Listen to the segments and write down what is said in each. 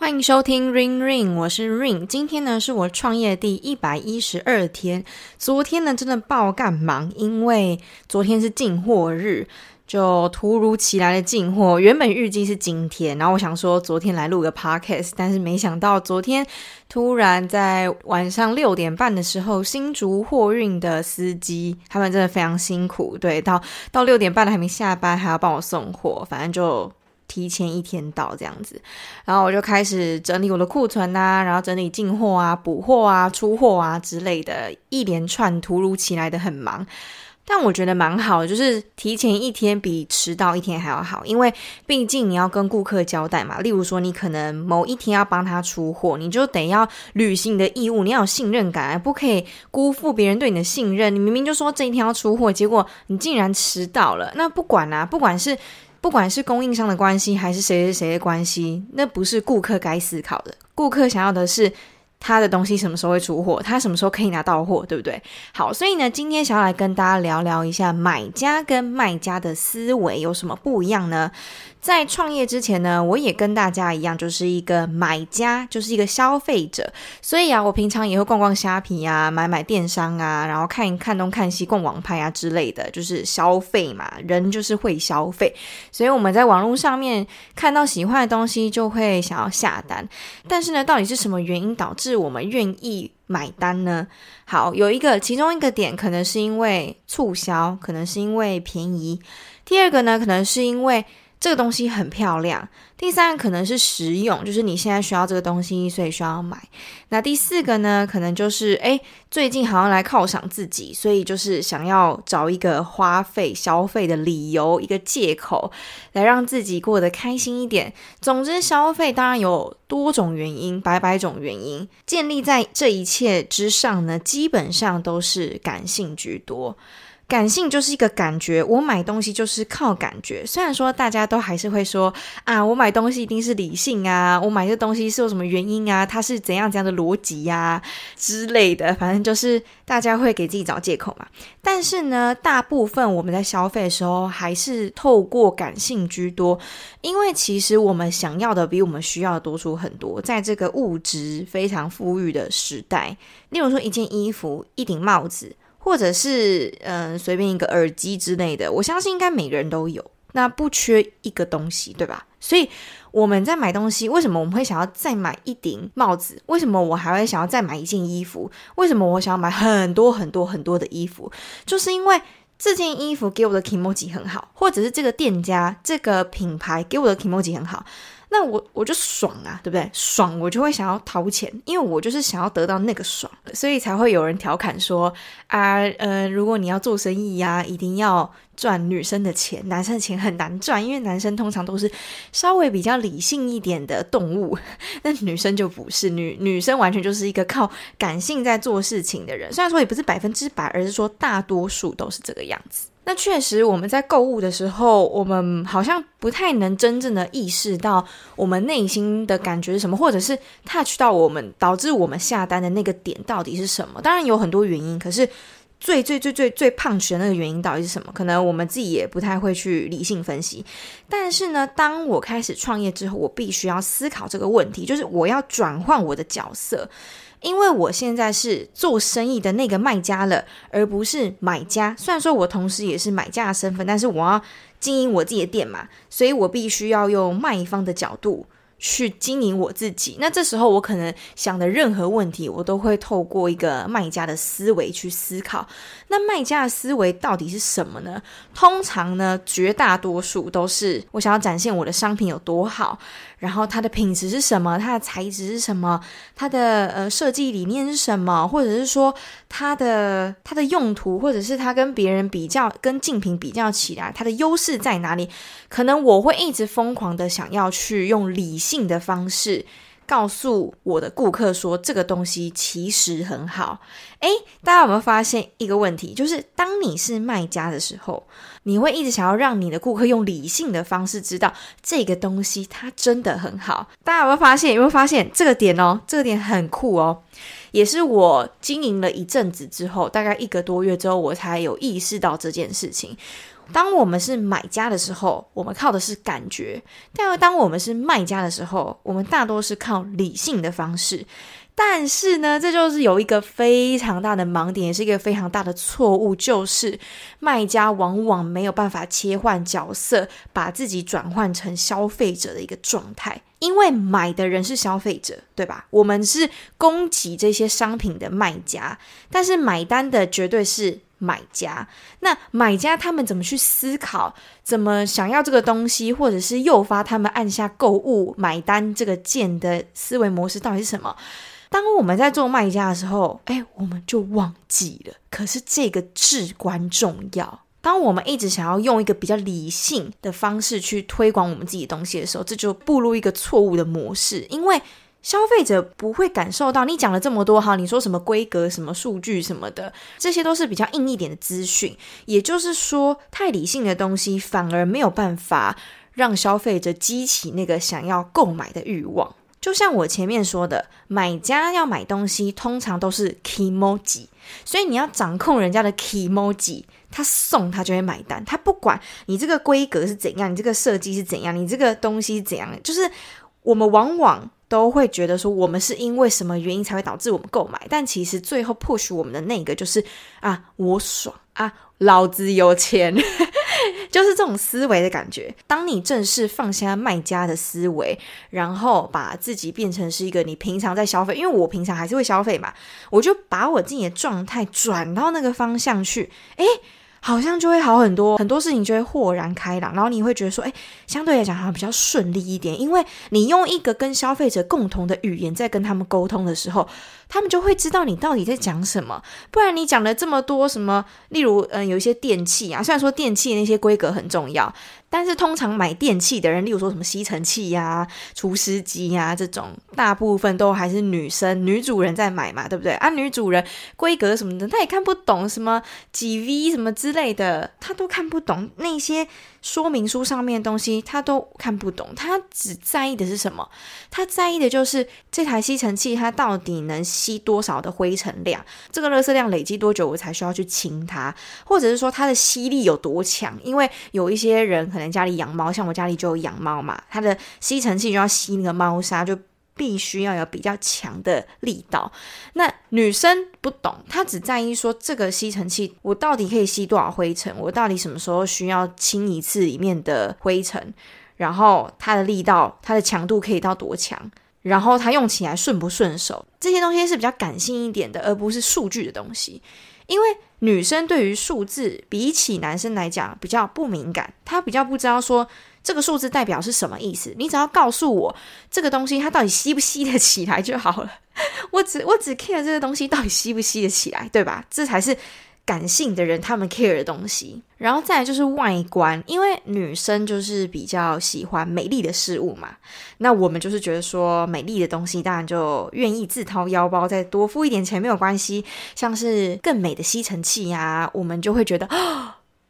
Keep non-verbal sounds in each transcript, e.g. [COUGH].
歡迎收聽 Ring Ring，我是 Ring。今天呢是我創業第一百一十二天。昨天呢真的爆幹忙，因為昨天是進貨日，就突如其來的進貨。原本預計是今天，然後我想說昨天來錄個 podcast，但是沒想到昨天突然在晚上六點半的時候，新竹貨運的司機他們真的非常辛苦，對，到到六點半了還沒下班，還要幫我送貨，反正就。提前一天到這樣子，然後我就開始整理我的庫存啊，然後整理進貨啊、補貨啊、出貨啊之類的，一連串突如其來的很忙，但我覺得蠻好，就是提前一天比遲到一天還要好，因為畢竟你要跟顧客交代嘛。例如說，你可能某一天要幫他出貨，你就得要履行你的義務，你要有信任感，不可以辜負別人對你的信任。你明明就說這一天要出貨，結果你竟然遲到了，那不管啦、啊，不管是。不管是供應商的關係，還是誰誰誰的關係，那不是顧客該思考的。顧客想要的是他的東西什麼時候會出貨，他什麼時候可以拿到貨，對不對？好，所以呢，今天想要來跟大家聊聊一下買家跟賣家的思維有什麼不一樣呢？在創業之前呢，我也跟大家一樣，就是一個買家，就是一個消費者。所以啊，我平常也會逛逛蝦皮啊，買買電商啊，然後看一看東看西，逛網拍啊之類的，就是消費嘛。人就是會消費，所以我們在網絡上面看到喜歡的東西，就會想要下單。但是呢，到底是什麼原因導致我們願意買單呢？好，有一個，其中一個點可能是因為促銷，可能是因為便宜。第二個呢，可能是因為。這個東西很漂亮。第三個可能是實用，就是你現在需要這個東西，所以需要買。那第四個呢，可能就是誒，最近好像來犒賞自己，所以就是想要找一個花費、消費的理由，一個借口，來讓自己過得開心一點。總之，消費當然有多種原因，百百種原因，建立在這一切之上呢，基本上都是感性居多。感性就是一個感覺，我買東西就是靠感覺。雖然說大家都還是會說啊，我買東西一定是理性啊，我買這東西是有什麼原因啊，它是怎樣怎樣的邏輯呀、啊、之類的，反正就是大家會給自己找借口嘛。但是呢，大部分我們在消費的時候還是透過感性居多，因為其實我們想要的比我們需要的多出很多。在這個物質非常富裕的時代，例如說一件衣服、一頂帽子。或者是嗯，隨便一個耳機之類的，我相信應該每個人都有，那不缺一個東西，對吧？所以我們在買東西，為什麼我們會想要再買一頂帽子？為什麼我還會想要再買一件衣服？為什麼我想要買很多很多很多的衣服？就是因為這件衣服給我的 kimochi 很好，或者是這個店家、這個品牌給我的 kimochi 很好。那我我就爽啊，對不對？爽，我就會想要掏錢，因為我就是想要得到那個爽，所以才會有人調侃說啊，呃，如果你要做生意呀、啊，一定要賺女生的錢，男生的錢很難賺，因為男生通常都是稍微比較理性一點的動物，那女生就不是，女女生完全就是一個靠感性在做事情的人，雖然說也不是百分之百，而是說大多數都是這個樣子。那確實，我們在購物的時候，我們好像不太能真正的意識到我們內心的感覺是什麼，或者是 touch 到我們導致我們下單的那個點到底是什麼。當然有很多原因，可是最最最最最 punch 的那個原因到底是什麼？可能我們自己也不太會去理性分析。但是呢，當我開始創業之後，我必須要思考這個問題，就是我要轉換我的角色。因為我現在是做生意的那個賣家了，而不是買家，雖然說我同時也是買家的身份，但是我要經營我自己的店嘛，所以我必須要用賣方的角度。去經營我自己，那這時候我可能想的任何問題，我都會透過一個賣家的思維去思考。那賣家的思維到底是什麼呢？通常呢，絕大多數都是我想要展現我的商品有多好，然後它的品質是什麼，它的材質是什麼，它的呃設計理念是什麼，或者是說它的它的用途，或者是它跟別人比較、跟競品比較起來，它的優勢在哪裡？可能我會一直瘋狂的想要去用理性。性的方式告訴我的顧客說，這個東西其實很好。誒，大家有沒有發現一個問題？就是當你是賣家的時候，你會一直想要讓你的顧客用理性的方式知道這個東西它真的很好。大家有沒有發現？有沒有發現這個點哦？這個點很酷哦，也是我經營了一陣子之後，大概一個多月之後，我才有意識到這件事情。當我們是買家的時候，我們靠的是感覺，但要當我們是賣家的時候，我們大多是靠理性的方式。但是呢，這就是有一個非常大的盲點，也是一個非常大的錯誤，就是賣家往往沒有辦法切換角色，把自己轉換成消費者的一個狀態，因為買的人是消費者，對吧？我們是供給這些商品的賣家，但是買單的絕對是。買家，那買家他們怎麼去思考，怎麼想要這個東西，或者是誘發他們按下購物買單這個鍵的思維模式到底是什麼？當我們在做賣家的時候，哎，我們就忘記了。可是這個至關重要。當我們一直想要用一個比較理性的方式去推廣我們自己的東西的時候，這就步入一個錯誤的模式，因為。消費者不會感受到你講了這麼多哈，你說什麼規格、什麼數據、什麼的，這些都是比較硬一點的資訊。也就是說，太理性的東西反而沒有辦法讓消費者激起那個想要購買的慾望。就像我前面說的，買家要買東西，通常都是 kimoji。所以你要掌控人家的 kimoji，他送他就會買單，他不管你這個規格是怎樣，你這個設計是怎樣，你這個東西是怎樣，就是我們往往。都會覺得說，我們是因為什麼原因才會導致我們購買，但其實最後 push 我們的那個就是啊，我爽啊，老子有錢， [LAUGHS] 就是這種思維的感覺。當你正式放下賣家的思維，然後把自己變成是一個你平常在消費，因為我平常還是會消費嘛，我就把我自己的狀態轉到那個方向去，誒好像就會好很多，很多事情就會豁然開朗，然後你會覺得說，哎、欸，相對來講好像比較順利一點，因為你用一個跟消費者共同的語言在跟他們溝通的時候。他們就會知道你到底在講什麼，不然你講了這麼多什麼，例如嗯，有一些電器啊，雖然說電器那些規格很重要，但是通常買電器的人，例如說什麼吸塵器呀、啊、除濕機呀這種，大部分都還是女生、女主人在買嘛，對不對？啊，女主人規格什麼的，她也看不懂什麼幾 V 什麼之類的，她都看不懂那些說明書上面的東西，她都看不懂，她只在意的是什麼？她在意的就是這台吸塵器它到底能吸。吸多少的灰塵量？這個垃圾量累積多久我才需要去清它？或者是說它的吸力有多強？因為有一些人可能家裡養貓，像我家裡就有養貓嘛，它的吸塵器就要吸那個貓砂，就必須要有比較強的力道。那女生不懂，她只在意說這個吸塵器我到底可以吸多少灰塵？我到底什麼時候需要清一次裡面的灰塵？然後它的力道、它的強度可以到多強？然後他用起來順不順手，這些東西是比較感性一點的，而不是數據的東西。因為女生對於數字比起男生來講比較不敏感，她比較不知道說這個數字代表是什麼意思。你只要告訴我這個東西它到底吸不吸得起來就好了，我只我只 care 這個東西到底吸不吸得起來，對吧？這才是。感性的人，他們 care 的東西，然後再來就是外觀，因為女生就是比較喜歡美麗的事物嘛。那我們就是覺得說，美麗的東西，當然就願意自掏腰包再多付一點錢沒有關係。像是更美的吸塵器呀，啊，我們就會覺得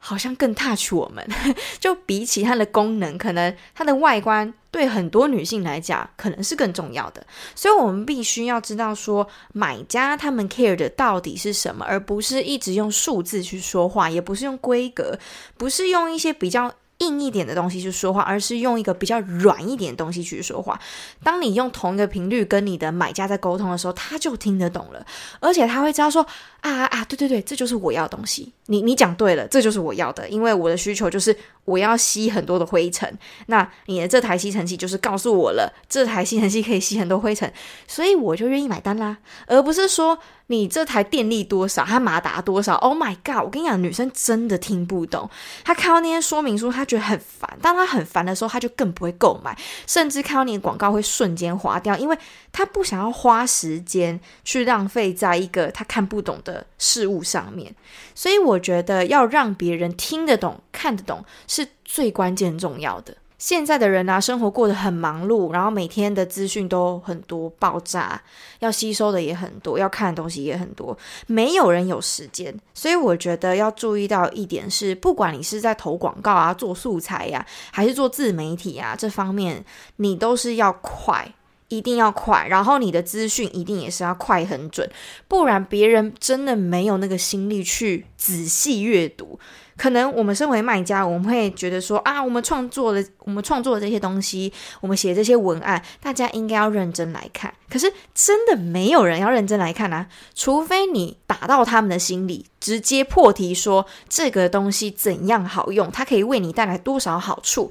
好像更 touch 我們， [LAUGHS] 就比起它的功能，可能它的外觀對很多女性來講可能是更重要的。所以我們必須要知道說，買家他們 care 的到底是什麼，而不是一直用數字去說話，也不是用規格，不是用一些比較。硬一點的東西去說話，而是用一個比較軟一點的東西去說話。當你用同一個頻率跟你的買家在溝通的時候，他就聽得懂了，而且他會知道說啊啊，對對對，這就是我要的東西。你你講對了，這就是我要的，因為我的需求就是我要吸很多的灰塵。那你的這台吸塵器就是告訴我了，這台吸塵器可以吸很多灰塵，所以我就願意買單啦，而不是說。你這台電力多少？他馬達多少？Oh my God！我跟你講，女生真的聽不懂。她看到那些說明書，她覺得很煩。當她很煩的時候，她就更不會購買，甚至看到你的廣告會瞬間劃掉，因為她不想要花時間去浪費在一個她看不懂的事物上面。所以，我覺得要讓別人聽得懂、看得懂是最關鍵、重要的。現在的人啊，生活過得很忙碌，然後每天的資訊都很多，爆炸，要吸收的也很多，要看的東西也很多，沒有人有時間。所以我覺得要注意到一點是，不管你是在投廣告啊、做素材呀、啊，還是做自媒體啊這方面，你都是要快，一定要快。然後你的資訊一定也是要快很準，不然別人真的沒有那個心力去仔細閱讀。可能我們身為賣家，我們會覺得說啊，我們創作的，我們創作的這些東西，我們寫這些文案，大家應該要認真來看。可是真的沒有人要認真來看啊，除非你打到他們的心裡，直接破題說這個東西怎樣好用，它可以為你帶來多少好處。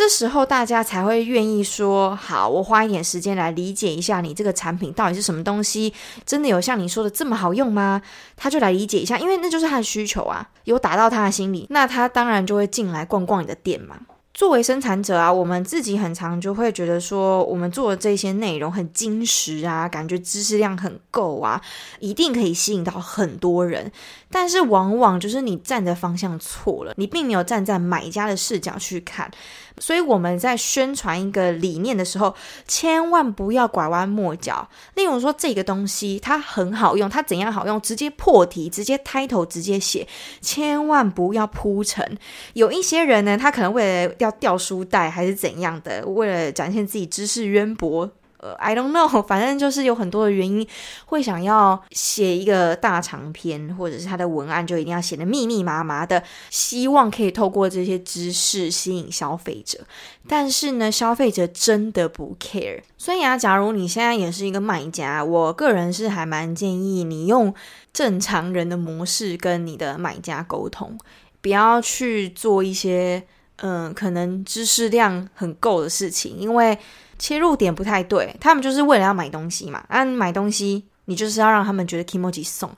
這時候大家才會願意說好，我花一點時間來理解一下你這個產品到底是什麼東西，真的有像你說的這麼好用嗎？他就來理解一下，因為那就是他的需求啊，有打到他的心裡，那他當然就會進來逛逛你的店嘛。作為生產者啊，我們自己很常就會覺得說，我們做的這些內容很精實啊，感覺知識量很夠啊，一定可以吸引到很多人。但是往往就是你站的方向錯了，你並沒有站在買家的視角去看。所以我們在宣傳一個理念的時候，千萬不要拐彎抹角。例如說，這個東西它很好用，它怎樣好用，直接破題，直接 title，直接寫，千萬不要鋪陳。有一些人呢，他可能為了要掉書袋還是怎樣的，為了展現自己知識淵博。I don't know，反正就是有很多的原因，會想要寫一個大長篇，或者是他的文案就一定要寫得密密麻麻的，希望可以透過這些知識吸引消費者。但是呢，消費者真的不 care。所以啊，假如你現在也是一個賣家，我個人是還蠻建議你用正常人的模式跟你的買家溝通，不要去做一些。嗯，可能知識量很夠的事情，因為切入點不太對。他們就是為了要買東西嘛，那、啊、買東西你就是要讓他們覺得 kimoji 送，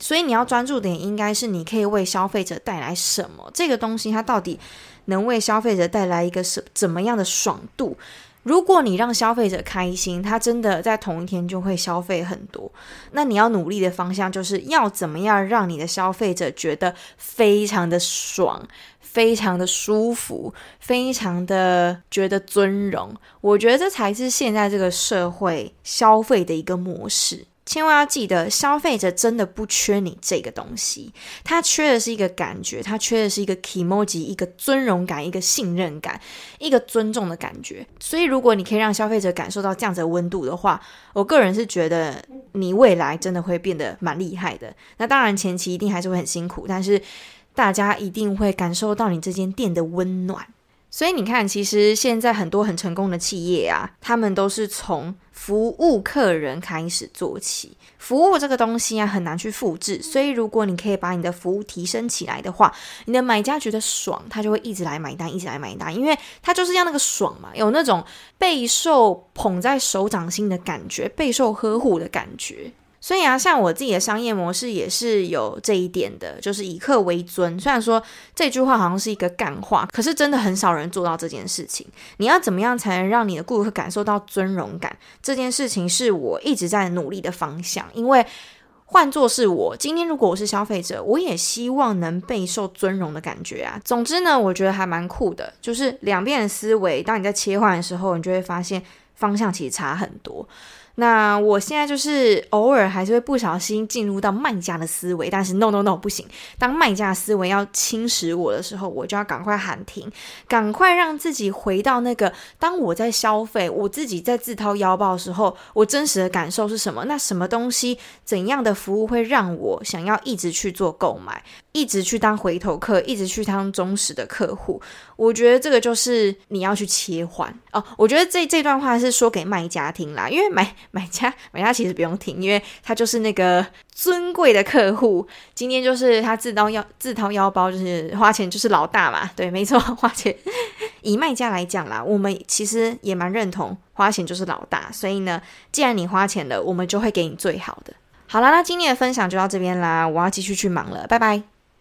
所以你要專注點，應該是你可以為消費者帶來什麼？這個東西它到底能為消費者帶來一個什麼怎麼樣的爽度？如果你讓消費者開心，他真的在同一天就會消費很多。那你要努力的方向，就是要怎麼樣讓你的消費者覺得非常的爽、非常的舒服、非常的覺得尊榮。我覺得這才是現在這個社會消費的一個模式。千萬要記得，消費者真的不缺你這個東西，他缺的是一個感覺，他缺的是一個 kimoji，一個尊榮感，一個信任感，一個尊重的感覺。所以，如果你可以讓消費者感受到這樣子的溫度的話，我個人是覺得你未來真的會變得蠻厲害的。那當然前期一定還是會很辛苦，但是大家一定會感受到你這間店的溫暖。所以你看，其實現在很多很成功的企業啊，他們都是從服務客人開始做起。服務這個東西啊，很難去複製。所以，如果你可以把你的服務提升起來的話，你的買家覺得爽，他就會一直來買單，一直來買單，因為他就是要那個爽嘛，有那種備受捧在手掌心的感覺，備受呵護的感覺。所以啊，像我自己的商業模式也是有這一點的，就是以客為尊。雖然說這句話好像是一個乾話，可是真的很少人做到這件事情。你要怎麼樣才能讓你的顧客感受到尊榮感？這件事情是我一直在努力的方向。因為換作是我，今天如果我是消費者，我也希望能備受尊榮的感覺啊。總之呢，我覺得還蠻酷的，就是兩邊的思維，當你在切換的時候，你就會發現。方向其實差很多，那我現在就是偶爾還是會不小心進入到賣家的思維，但是 no no no 不行，當賣家思維要侵蝕我的時候，我就要趕快喊停，趕快讓自己回到那個當我在消費，我自己在自掏腰包的時候，我真實的感受是什麼？那什麼東西，怎樣的服務會讓我想要一直去做購買？一直去當回頭客，一直去當忠實的客戶，我覺得這個就是你要去切換哦。我覺得這這段話是說給賣家聽啦，因為買買家買家其實不用聽，因為他就是那個尊貴的客戶。今天就是他自掏腰自掏腰包，就是花錢就是老大嘛。對，沒錯，花錢 [LAUGHS] 以賣家來講啦，我們其實也蠻認同花錢就是老大。所以呢，既然你花錢了，我們就會給你最好的。好啦，那今天的分享就到這邊啦，我要繼續去忙了，拜拜。